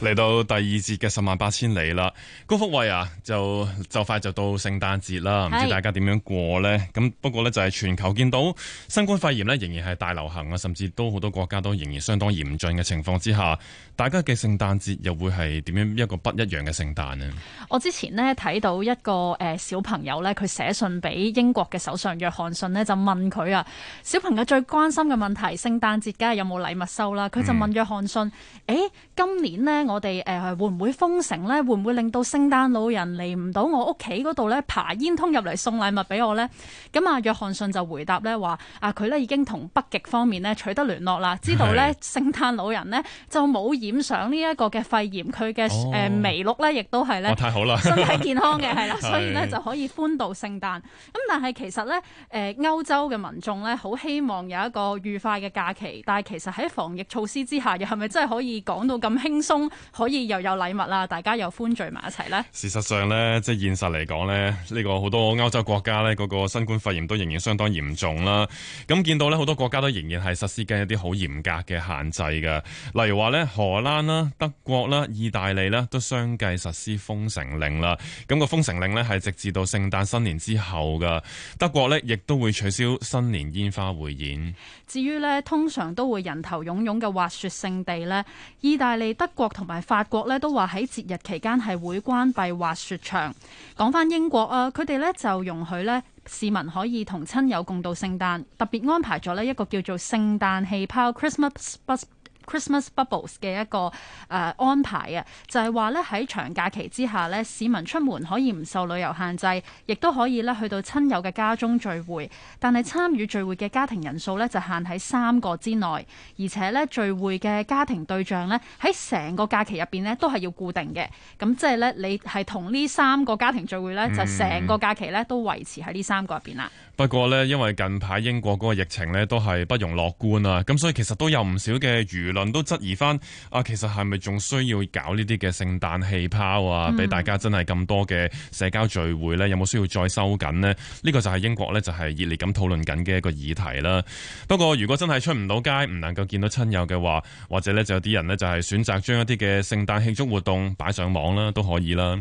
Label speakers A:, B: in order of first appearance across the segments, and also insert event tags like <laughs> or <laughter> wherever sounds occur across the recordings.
A: 嚟到第二節嘅十萬八千里啦，高福慧啊，就就快就到聖誕節啦，唔知大家點樣過呢？咁是不過呢，就係全球見到新冠肺炎呢，仍然係大流行啊，甚至都好多國家都仍然相當嚴峻嘅情況之下，大家嘅聖誕節又會係點樣一個不一樣嘅聖誕咧？
B: 我之前呢，睇到一個誒小朋友呢，佢寫信俾英國嘅首相約翰遜呢，就問佢啊，小朋友最關心嘅問題，聖誕節梗係有冇禮物收啦？佢就問約翰遜，誒、嗯、今年呢……」我哋誒會唔會封城呢？會唔會令到聖誕老人嚟唔到我屋企嗰度呢？爬煙通入嚟送禮物俾我呢？咁啊，約翰遜就回答呢話：啊，佢呢已經同北極方面呢取得聯絡啦，知道呢聖誕老人呢就冇染上呢一個嘅肺炎，佢嘅誒麋鹿呢，亦都係呢
A: 身體健康嘅，係啦，哦，太好啦， <laughs> 所以呢就可
B: 以歡度聖誕。咁但係其實呢，誒歐洲嘅民眾呢好希望有一個愉快嘅假期，但係其實喺防疫措施之下，又係咪真係可以講到咁輕鬆？可以又有禮物啦，大家又歡聚埋一齊呢。
A: 事實上呢，即係現實嚟講呢，呢個好多歐洲國家呢，嗰個新冠肺炎都仍然相當嚴重啦。咁見到呢，好多國家都仍然係實施緊一啲好嚴格嘅限制㗎，例如話呢，荷蘭啦、德國啦、意大利呢，都相繼實施封城令啦。咁個封城令呢，係直至到聖誕新年之後㗎。德國呢，亦都會取消新年煙花匯演。
B: 至於呢，通常都會人頭湧湧嘅滑雪勝地呢，意大利、德國同同埋法國咧都話喺節日期間係會關閉滑雪場。講翻英國啊，佢哋咧就容許咧市民可以同親友共度聖誕，特別安排咗咧一個叫做聖誕氣泡 （Christmas bubble）。Christmas bubbles 嘅一個誒、呃、安排啊，就係話咧喺長假期之下咧，市民出門可以唔受旅遊限制，亦都可以咧去到親友嘅家中聚會，但係參與聚會嘅家庭人數咧就限喺三個之內，而且咧聚會嘅家庭對象咧喺成個假期入邊咧都係要固定嘅。咁即係咧你係同呢三個家庭聚會咧，嗯、就成個假期咧都維持喺呢三個入邊啦。
A: 不過咧，因為近排英國嗰個疫情咧都係不容樂觀啊，咁所以其實都有唔少嘅娛樂。都質疑翻啊，其實係咪仲需要搞呢啲嘅聖誕氣泡啊？俾大家真係咁多嘅社交聚會呢，有冇需要再收緊呢？呢個就係英國呢，就係熱烈咁討論緊嘅一個議題啦。不過如果真係出唔到街，唔能夠見到親友嘅話，或者呢就有啲人呢，就係選擇將一啲嘅聖誕慶祝活動擺上網啦，都可以啦。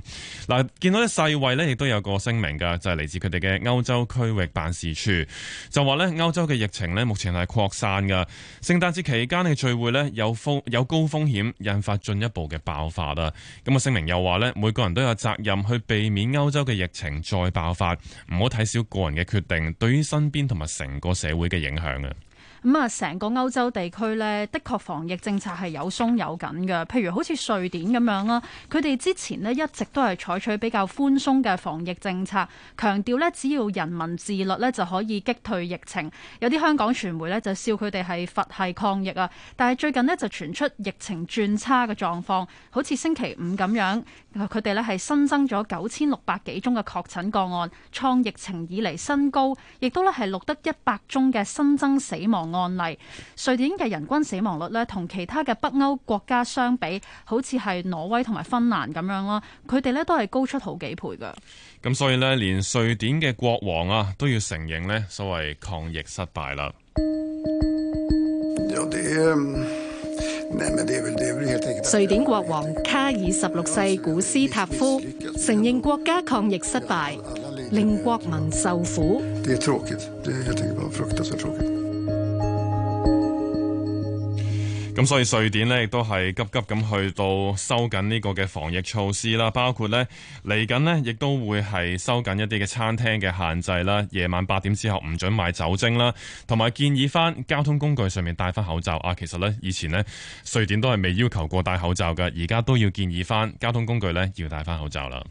A: 嗱，見到啲世衛呢，亦都有個聲明噶，就係嚟自佢哋嘅歐洲區域辦事處，就話呢，歐洲嘅疫情呢，目前係擴散噶，聖誕節期間嘅聚會呢。有風有高風險，引發進一步嘅爆發啦。咁啊，聲明又話咧，每個人都有責任去避免歐洲嘅疫情再爆發，唔好睇少個人嘅決定對於身邊同埋成個社會嘅影響啊。
B: 咁啊，成個歐洲地區咧，的確防疫政策係有鬆有緊嘅。譬如好似瑞典咁樣啦，佢哋之前咧一直都係採取比較寬鬆嘅防疫政策，強調咧只要人民自律咧就可以擊退疫情。有啲香港傳媒咧就笑佢哋係佛系抗疫啊！但係最近咧就傳出疫情轉差嘅狀況，好似星期五咁樣，佢哋咧係新增咗九千六百幾宗嘅確診個案，創疫情以嚟新高，亦都咧係錄得一百宗嘅新增死亡。案例，瑞典嘅人均死亡率呢，同其他嘅北歐國家相比，好似係挪威同埋芬蘭咁樣啦。佢哋呢都係高出好幾倍噶。
A: 咁所以呢，連瑞典嘅國王啊都要承認呢所謂抗疫失敗啦。
B: 瑞典國王卡爾十六世古斯塔夫承認國家抗疫失敗，令國民受苦。
A: 咁所以瑞典呢亦都係急急咁去到收緊呢個嘅防疫措施啦，包括呢嚟緊呢，亦都會係收緊一啲嘅餐廳嘅限制啦，夜晚八點之後唔准買酒精啦，同埋建議翻交通工具上面戴翻口罩啊。其實呢，以前呢，瑞典都係未要求過戴口罩㗎，而家都要建議翻交通工具呢要戴翻口罩啦。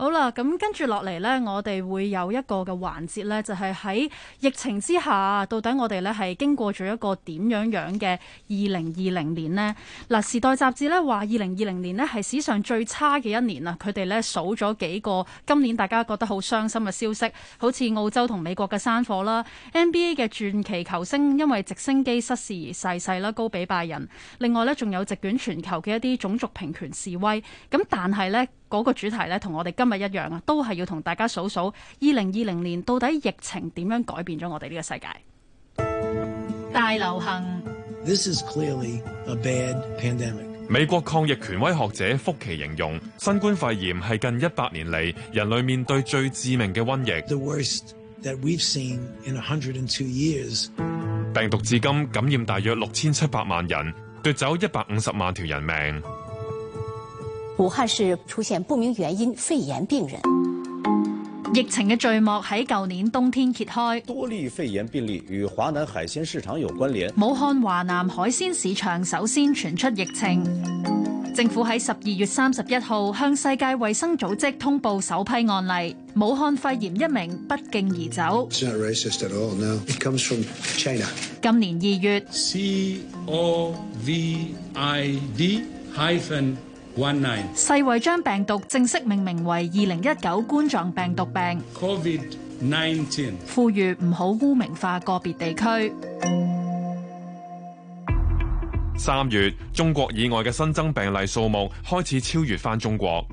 B: 好啦，咁跟住落嚟呢，我哋會有一個嘅環節呢，就係喺疫情之下，到底我哋呢係經過咗一個點樣樣嘅二零二零年呢，嗱，《時代雜誌》呢話二零二零年呢係史上最差嘅一年啦。佢哋呢數咗幾個今年大家覺得好傷心嘅消息，好似澳洲同美國嘅山火啦，NBA 嘅傳奇球星因為直升機失事而逝世啦，高比拜仁。另外呢，仲有席捲全球嘅一啲種族平權示威。咁但係呢。嗰個主題咧，同我哋今日一樣啊，都係要同大家數數二零二零年到底疫情點樣改變咗我哋呢個世界。大流行。This is clearly a bad pandemic。
A: 美國抗疫權威學者福奇形容，新冠肺炎係近一百年嚟人類面對最致命嘅瘟疫。
B: The worst that we've seen in 102 years。
A: 病毒至今感染大約六千七百萬人，奪走一百五十萬條人命。
B: 武漢市出現不明原因肺炎病人，疫情嘅序幕喺舊年冬天揭開。多例
C: 肺炎病例與華南海鮮市場有關聯。
B: 武漢華南海鮮市場首先傳出疫情，政府喺十二月三十一號向世界衛生組織通報首批案例。武漢肺炎一名不脛而走。今、no. 年二月。
C: Covid
B: 世衛將病毒正式命名為二零一九冠狀病毒病，呼籲唔好污名化個別地區。
A: 三月，中國以外嘅新增病例數目開始超越返中國。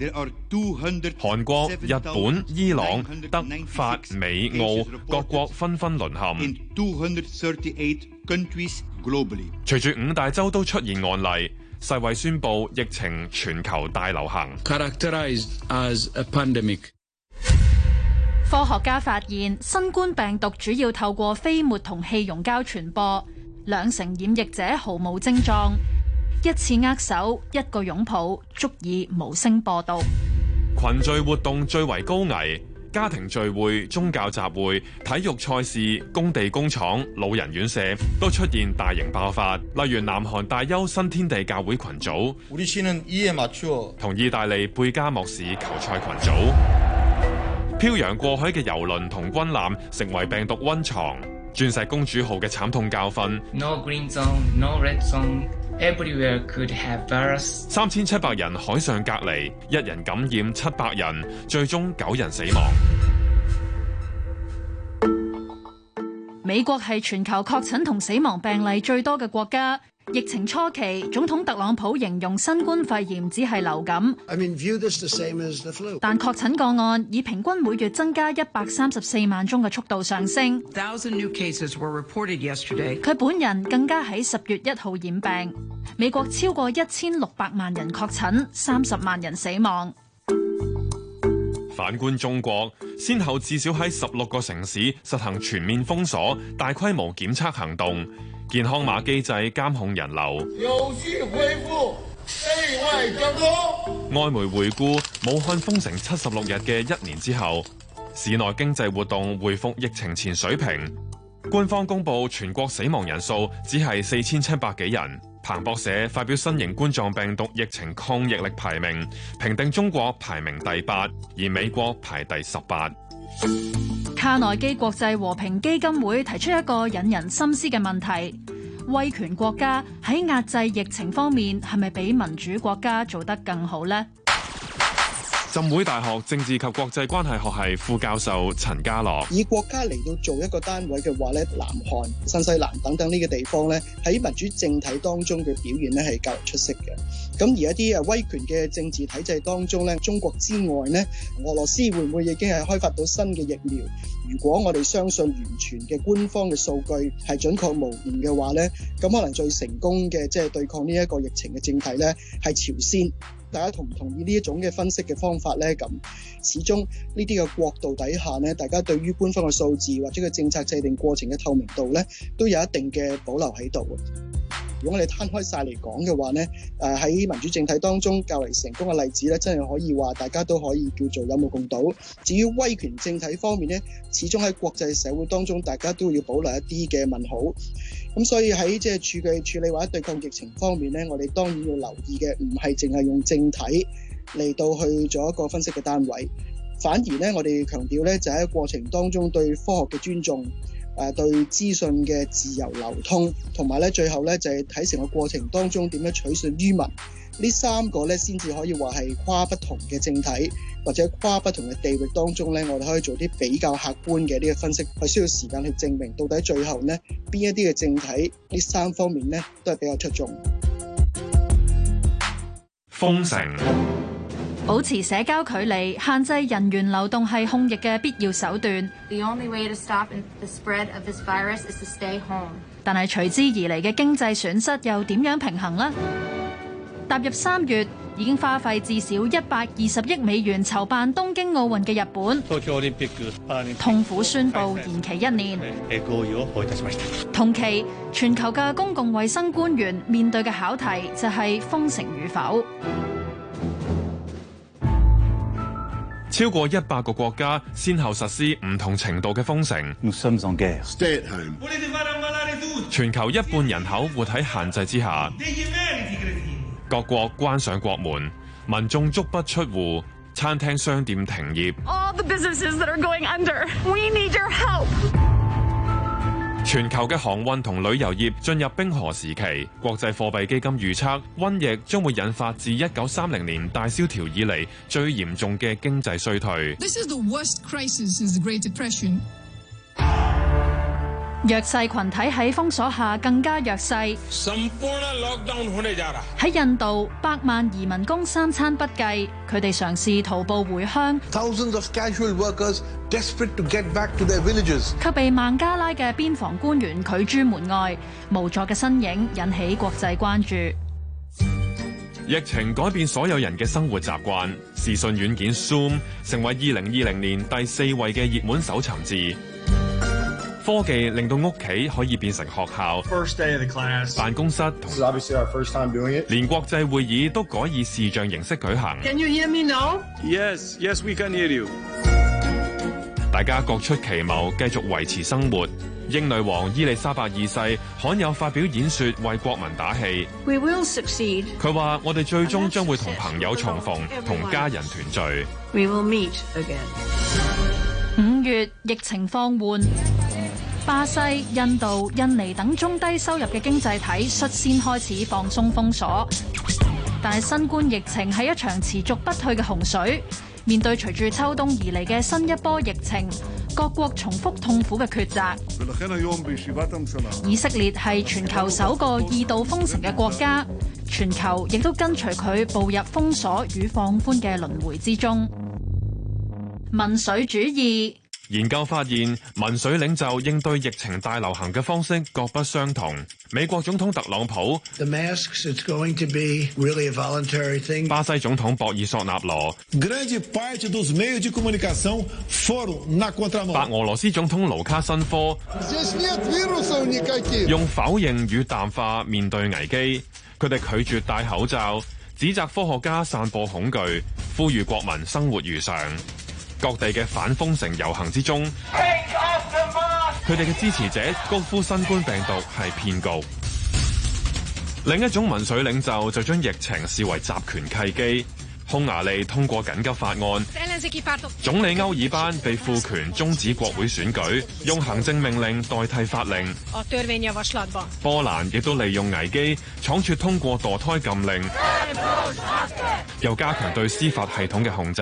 A: 韓國、日本、伊朗、德、法、美、澳各國紛紛淪陷。隨住五大洲都出現案例。世衛宣布疫情全球大流行。科
B: 學家發現，新冠病毒主要透過飛沫同氣溶膠傳播，兩成染疫者毫無症狀，一次握手、一個擁抱足以無聲播導。
A: 群聚活動最為高危。家庭聚會、宗教集會、體育賽事、工地、工廠、老人院舍都出現大型爆發，例如南韓大邱新天地教會群組，同意大利貝加莫市球賽群組。漂洋過海嘅遊輪同軍艦成為病毒溫床，鑽石公主號嘅慘痛教訓。三千七百人海上隔離，一人感染七百人，最終九人死亡。
B: 美國係全球確診同死亡病例最多嘅國家。疫情初期，總統特朗普形容新冠肺炎只係流感。I mean, 但確診個案以平均每月增加一百三十四萬宗嘅速度上升。
C: 1,000 new cases were reported yesterday.
B: 佢本人更加喺十月一號染病。美國超過一千六百萬人確診，三十萬人死亡。
A: 反觀中國，先後至少喺十六個城市實行全面封鎖、大規模檢測行動，健康碼機制監控人流。
B: 有序恢復內外交通。
A: 外媒回顧武漢封城七十六日嘅一年之後，市內經濟活動恢復疫情前水平，官方公布全國死亡人數只係四千七百幾人。彭博社發表新型冠狀病毒疫情抗逆力排名，評定中國排名第八，而美國排第十八。
B: 卡內基國際和平基金會提出一個引人深思嘅問題：威權國家喺壓制疫情方面，係咪比民主國家做得更好呢？
A: 浸會大學政治及國際關係學系副教授陳家洛，以
C: 國家嚟到做一個單位嘅話咧，南韓、新西蘭等等呢個地方咧，喺民主政體當中嘅表現咧係較為出色嘅。咁而一啲誒威權嘅政治體制當中咧，中國之外呢，俄羅斯會唔會已經係開發到新嘅疫苗？如果我哋相信完全嘅官方嘅數據係準確無誤嘅話呢，咁可能最成功嘅即係對抗呢一個疫情嘅政體呢，係朝鮮。大家同唔同意呢一種嘅分析嘅方法呢？咁始終呢啲嘅角度底下呢，大家對於官方嘅數字或者個政策制定過程嘅透明度呢，都有一定嘅保留喺度。如果你攤開晒嚟講嘅話呢，誒，喺民主政體當中較為成功嘅例子呢，真係可以話大家都可以叫做有目共睹。至於威權政體方面呢，始終喺國際社會當中，大家都要保留一啲嘅問號。咁所以喺即係處嘅處理或者對抗疫情方面呢，我哋當然要留意嘅唔係淨係用政體嚟到去做一個分析嘅單位，反而呢，我哋強調呢就係喺過程當中對科學嘅尊重。誒、啊、對資訊嘅自由流通，同埋咧最後咧就係睇成個過程當中點樣取信於民，呢三個咧先至可以話係跨不同嘅政體或者跨不同嘅地域當中咧，我哋可以做啲比較客觀嘅呢個分析。係需要時間去證明到底最後呢邊一啲嘅政體呢三方面咧都係比較出眾。封
B: 城。保持社交距離、限制人員流動係控疫嘅必要手段。但係隨之而嚟嘅經濟損失又點樣平衡呢？踏入三月，已經花費至少一百二十億美元籌辦東京奧運嘅日本，痛苦宣布延期一年。同期，全球嘅公共衛生官員面對嘅考題就係封城與否。
A: 超過一百個國家先後實施唔同程度嘅封城，全球一半人口活喺限制之下，各國關上國門，民眾足不出戶，餐廳商店停業。
B: All the businesses that are going under, we need your help.
A: 全球嘅航運同旅遊業進入冰河時期，國際貨幣基金預測瘟疫將會引發自一九三零年大蕭條以嚟最嚴重嘅經濟衰退。
B: 弱勢群體喺封鎖下更加弱勢。喺印度，百萬移民工三餐不繼，佢哋嘗試徒步回鄉，Thousands of casual workers
C: desperate to get back to their villages.
B: 卻被孟加拉嘅邊防官員拒諸門外，無助嘅身影引起國際關注。
A: 疫情改變所有人嘅生活習慣，視訊軟件 Zoom 成為二零二零年第四位嘅熱門搜尋字。科技令到屋企可以變成學校，First day of the class. 辦公室同連國際會議都改以視像形式舉行。
C: Yes,
A: yes, 大家各出奇謀，繼續維持生活。英女王伊麗莎白二世罕有發表演說，為國民打氣。
B: 佢話 We will succeed.：
A: 我哋最終將會同朋友重逢，We will meet again.
B: 同家人團聚。五月疫情放緩。巴西、印度、印尼等中低收入嘅經濟體率先開始放鬆封鎖，但係新冠疫情係一場持續不退嘅洪水。面對隨住秋冬而嚟嘅新一波疫情，各國重複痛苦嘅抉擇，以色列係全球首個二度封城嘅國家，全球亦都跟隨佢步入封鎖與放寬嘅輪迴之中。民粹主義。
A: 研究發現，民粹領袖應對疫情大流行嘅方式各不相同。美國總統特朗普
C: ，masks, really、
A: 巴西總統博爾索納羅，forum, foro，白俄羅斯總統盧卡申科，用否認與淡化面對危機，佢哋拒絕戴口罩，指責科學家散播恐懼，呼籲國民生活如常。各地嘅反封城遊行之中，佢哋嘅支持者高呼新冠病毒係騙局。 <noise> 另一種民粹領袖就將疫情視為集權契機。匈牙利通過緊急法案，
B: <noise> 總
A: 理歐爾班被賦權終止國會選舉， <noise> 用行政命令代替法令。
B: <noise>
A: 波蘭亦都利用危機倉促通過墮胎禁令， <noise> 又加強對司法系統嘅控制。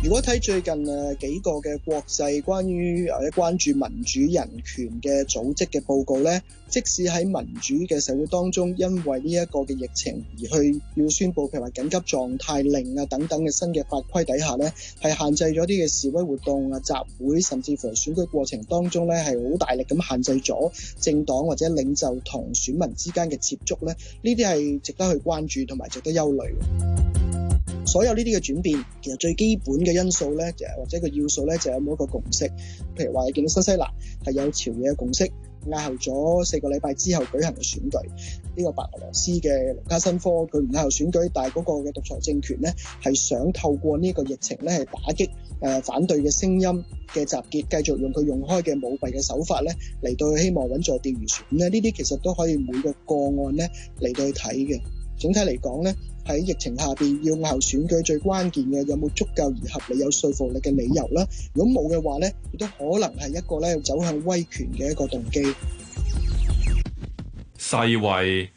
C: 如果睇最近誒幾個嘅國際關於或者關注民主人權嘅組織嘅報告咧，即使喺民主嘅社會當中，因為呢一個嘅疫情而去要宣布譬如話緊急狀態令啊等等嘅新嘅法規底下咧，係限制咗啲嘅示威活動啊集會，甚至乎選舉過程當中咧，係好大力咁限制咗政黨或者領袖同選民之間嘅接觸咧，呢啲係值得去關注同埋值得憂慮。所有呢啲嘅轉變，其實最基本嘅因素咧，就或者個要素咧，就有冇一個共識。譬如話，你見到新西蘭係有朝野共識，押後咗四個禮拜之後舉行嘅選舉。呢個白俄羅斯嘅盧卡申科，佢唔押後選舉，但係嗰個嘅獨裁政權咧，係想透過呢個疫情咧，係打擊誒反對嘅聲音嘅集結，繼續用佢用開嘅舞弊嘅手法咧，嚟到去希望穩坐釣魚船。咁咧，呢啲其實都可以每個個案咧嚟到去睇嘅。總體嚟講咧，喺疫情下邊押後選舉最關鍵嘅有冇足夠而合理有說服力嘅理由咧？如果冇嘅話咧，亦都可能係一個咧走向威權嘅一個動機。
A: 世衞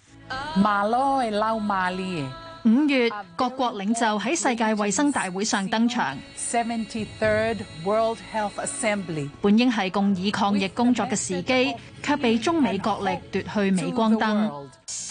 B: Malawi, Malawi 五月各國領袖喺世界衛生大會上登場。Seventy-third World Health Assembly 本應係共議抗疫工作嘅時機，卻被中美角力奪去鎂光燈。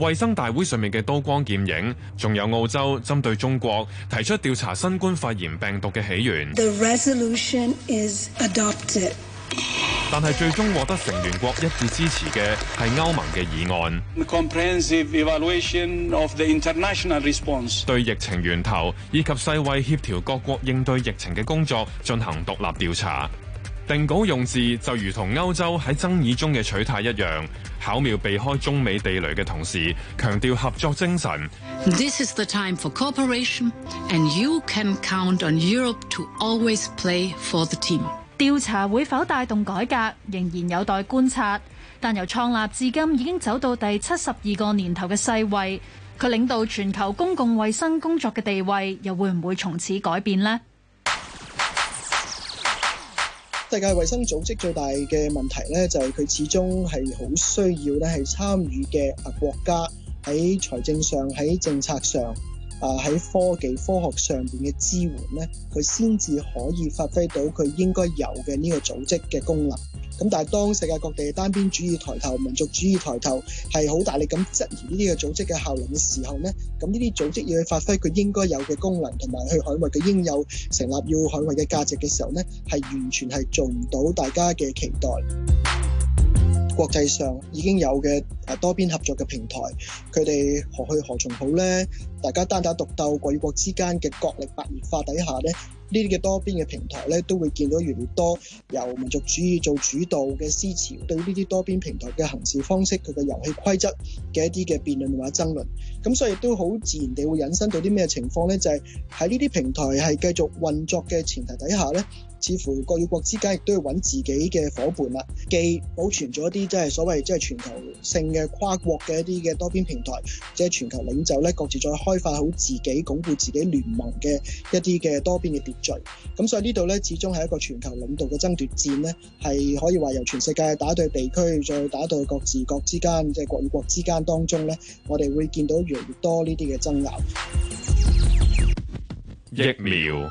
A: 衛生大會上面嘅刀光劍影，仲有澳洲針對中國提出調查新冠肺炎病毒嘅起源。但係最終獲得成員國一致支持嘅係歐盟嘅議案，對疫情源頭以及世衛協調各國應對疫情嘅工作進行獨立調查。定稿用字就如同歐洲喺爭議中嘅取態一樣，巧妙避開中美地雷嘅同時，強調合作精神。
B: This is the time for cooperation, and you can count on Europe to always play for the team. 調查會否帶動改革，仍然有待觀察。但由創立至今已經走到第七十二個年頭嘅世衛，佢領導全球公共衛生工作嘅地位，又會唔會從此改變呢？
C: 世界衛生組織最大嘅問題呢，就係佢始終係好需要呢，係參與嘅啊國家喺財政上，喺政策上。啊！喺科技、科學上邊嘅支援咧，佢先至可以發揮到佢應該有嘅呢個組織嘅功能。咁但係當世界各地嘅單邊主義抬頭、民族主義抬頭，係好大力咁質疑呢個嘅組織嘅效能嘅時候咧，咁呢啲組織要去發揮佢應該有嘅功能，同埋去捍衛佢應有成立要捍衛嘅價值嘅時候咧，係完全係做唔到大家嘅期待。國際上已經有嘅多邊合作嘅平台，佢哋何去何從好呢？大家單打獨鬥，國與國之間嘅國力白熱化底下呢，呢啲嘅多邊嘅平台呢，都會見到越嚟越多由民族主義做主導嘅思潮，對呢啲多邊平台嘅行事方式、佢嘅遊戲規則嘅一啲嘅辯論或者爭論，咁所以都好自然地會引申到啲咩情況呢？就係喺呢啲平台係繼續運作嘅前提底下呢。似乎國與國之間亦都要搵自己嘅夥伴啦，既保存咗一啲即係所謂即係全球性嘅跨國嘅一啲嘅多邊平台，即係全球領袖呢，各自再開發好自己鞏固自己聯盟嘅一啲嘅多邊嘅秩序。咁所以呢度呢，始終係一個全球領導嘅爭奪戰呢係可以話由全世界打到地區，再打到各自國之間，即係國與國之間當中呢，我哋會見到越嚟越多呢啲嘅爭拗。疫苗。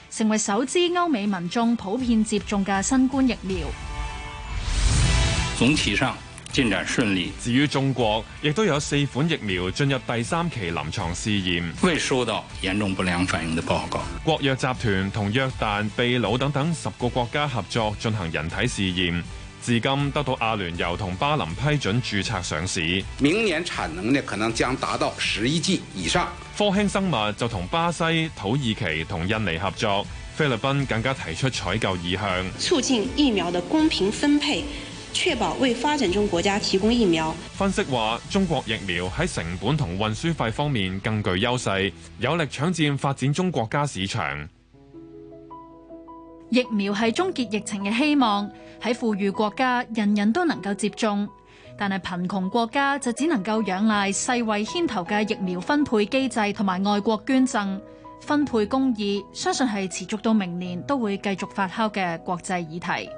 B: 成為首支歐美民眾普遍接種嘅新冠疫苗。
A: 總體上進展順利，至於中國亦都有四款疫苗進入第三期臨床試驗，未收
C: 到嚴重不良反應的報告。
A: 國藥集團同約旦、秘魯等等十個國家合作進行人體試驗。至今得到阿聯酋同巴林批准註冊上市。明年產能呢可能將達到十億劑以上。科興生物就同巴西、土耳其同印尼合作，菲律賓更加提出採購意向。
B: 促進疫苗的公平分配，確保為發展中國家提供疫苗。
A: 分析話，中國疫苗喺成本同運輸費方面更具優勢，有力搶佔發展中國家市場。
B: 疫苗係終結疫情嘅希望，喺富裕國家人人都能夠接種，但係貧窮國家就只能夠仰賴世衛牽頭嘅疫苗分配機制同埋外國捐贈分配公義，相信係持續到明年都會繼續發酵嘅國際議題。